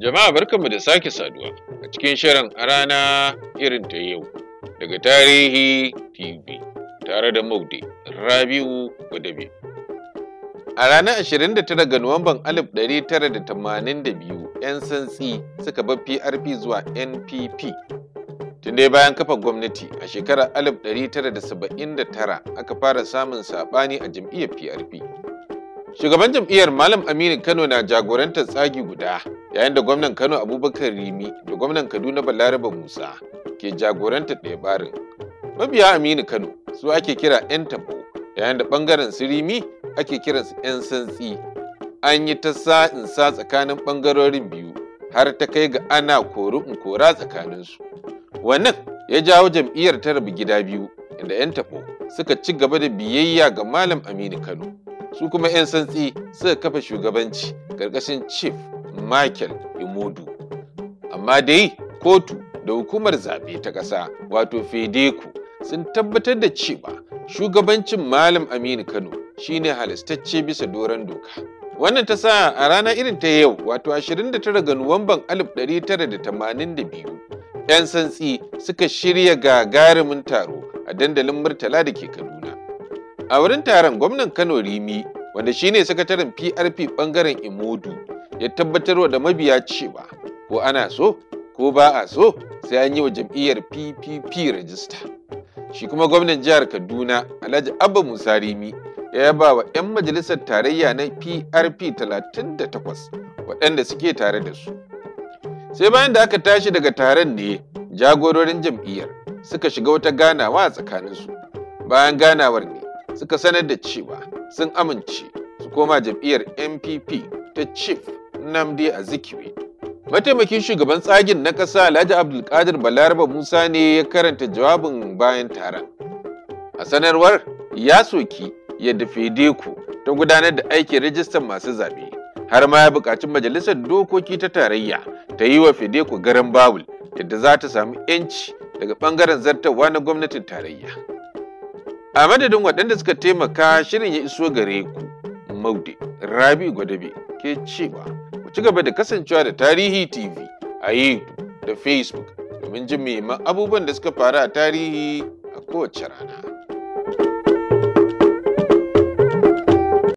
Jama'a barkanmu da sake saduwa a cikin shirin a rana irin ta yau daga tarihi TV tare da Maude Rabiu Gwadabe. A ranar 29 ga Nuwamban 1982 'yan santsi suka bar PRP zuwa NPP. Tun dai bayan kafa gwamnati a shekarar 1979 aka fara samun saɓani a jam'iyyar PRP. Shugaban jam'iyyar Malam Aminu Kano na jagorantar tsagi guda yayin da gwamnan kano abubakar rimi da gwamnan kaduna balaraba musa ke jagoranta ɗaya barin mabiya aminu kano su ake kira 'yan tabo yayin da ɓangaren su rimi ake kiransu 'yan santsi an yi ta sa'in sa tsakanin ɓangarorin biyu har ta kai ga ana kori in kora tsakaninsu wannan ya jawo jam'iyyar ta rabu gida biyu inda 'yan tabo suka ci gaba da biyayya ga malam aminu kano su kuma 'yan santsi suka kafa shugabanci ƙarƙashin chief michael imodu amma dai kotu da hukumar zaɓe ta ƙasa wato fedeku sun tabbatar da cewa shugabancin malam aminu kano shine halistacce bisa doron doka wannan ta sa a rana irin ta yau wato 29 ga nuwamban 1982 'yan santsi suka shirya gagarumin taro a dandalin murtala da ke kaduna a wurin taron gwamnan kano rimi wanda shine sakataren prp bangaren imodu ya tabbatar tabbatarwa da mabiya cewa ko ana so ko ba a so sai an yi wa jam'iyyar ppp rajista shi kuma gwamnan jihar kaduna alhaji abba musa rimi ya yaba wa 'yan majalisar tarayya na prp 38 waɗanda suke tare da su sai bayan da aka tashi daga taron ne jagororin jam'iyyar suka shiga wata ganawa a tsakaninsu bayan ganawar ne suka sanar da cewa sun amince su koma jam'iyyar npp ta chief Nnamdi Azikiwe. Mataimakin shugaban tsagin na ƙasa Alhaji Abdulkadir Balaraba Musa ne ya karanta jawabin bayan taron. A sanarwar ya soki yadda Fedeku ta gudanar da aikin rijistar masu zaɓe har ma ya buƙaci majalisar dokoki ta tarayya ta yi wa Fedeku garan bawul yadda za ta samu 'yanci daga ɓangaren zartarwa na gwamnatin tarayya. A madadin waɗanda suka taimaka shirin ya iso gare ku, Maude Rabi Gwadabe ke cewa ku ci gaba da kasancewa da Tarihi TV a YouTube da Facebook domin jin muhimman abubuwan da suka faru a tarihi a kowace rana.